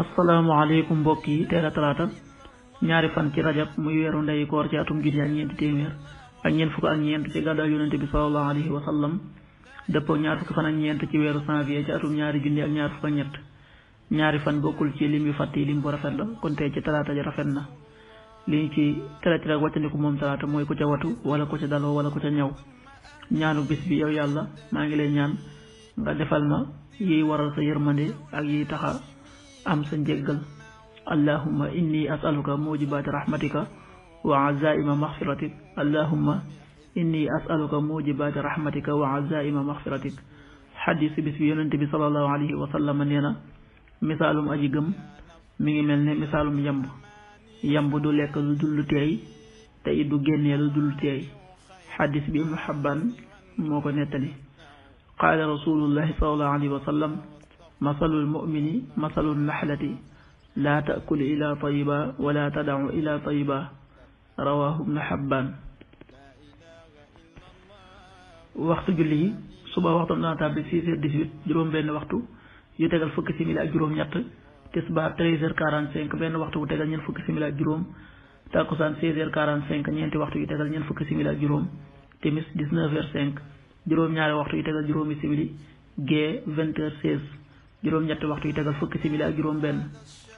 asalaamaaleykum mbokk yi teel talaata ñaari fan ci rajab muy weeru ndeyu koor ci atum junni ak ñeenti téeméer ak ñeent fukk ak ñeent ci gàddaay yonente bi salallahu alayhi wa sallam dëppoo ñaar fukki fan ak ñeent ci weeru janvier ci atum ñaari junni ak ñaar fukk ak ñett ñaari fan bokkul ci lim yu fàtt yi lim bu rafet la kon tey ci talaata ji rafet na li ñu ci tere tere ak moom talaata mooy ku ca watu wala ku ca daloo wala ku ca ñaw ñaanu bis bi yow yàlla maa ngi lay ñaan nga defal ma yiy waral sa yërmande ak yi taxa am sa njéggal allahumma inni asaluka mujibaati rahmatika wa azaima maxfiratik allahumma inni asaluka mujibaati rahmatika wa azaima maxfiratik xadis bis bi yonente bi salallahu alayhi wa sallam nee na misaalum aji gëm mi ngi mel ne misaalum yamb yamb du lekk lu dul lu teey te it du génnee lu dul lu teey xadis bi ibnu xabbaan moo ko nettali qaala rasulullahi salallahu alayhi wa sallam masalul mu'mini masalul naxlati laa taakulu ila tayiba wala tadacu ila tayiba rawahu ibnu xabbaan waxtu julli yi suba waxtu dana tàbbi six heures dix-huit juróom benn waxtu yu tegal fukki simili ak juróom ñett tisbaar treize heures quarante-cinq benn waxtu fukki simili ak juróom takkusaan seize heures quarante-cinq ñeenti waxtu yu tegal ñeent fukki simili ak juróom timis dix-neuf heures cinq juróom ñaari waxtu yu tegal juróomi simili gee juróom-ñetti waxtu yi tegal fukki simili ak juróom-benn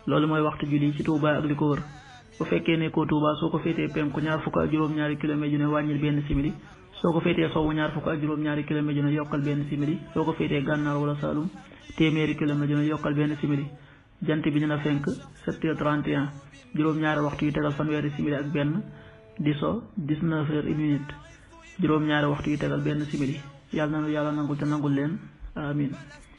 loolu mooy waxtu julli ci Touba ak li ko wër bu fekkee ne ko Touba soo ko féetee penku ñaar fukk ak juróom-ñaari kilomètre yu ne wàññil benn simili soo ko féetee sowwu ñaar fukk ak juróom-ñaari kilomètre yu yokkal benn simili soo ko féetee gànnaar wala Saalum téeméeri kilomètre yu ne yokkal benn simili jant bi dina fenk 7 heures 31 juróom-ñaari waxtu yi tegal fanweeri simili ak benn di so 19 heures une minute juróom-ñaari waxtu benn simili yàlla na nu yàlla nangul te nangul leen amin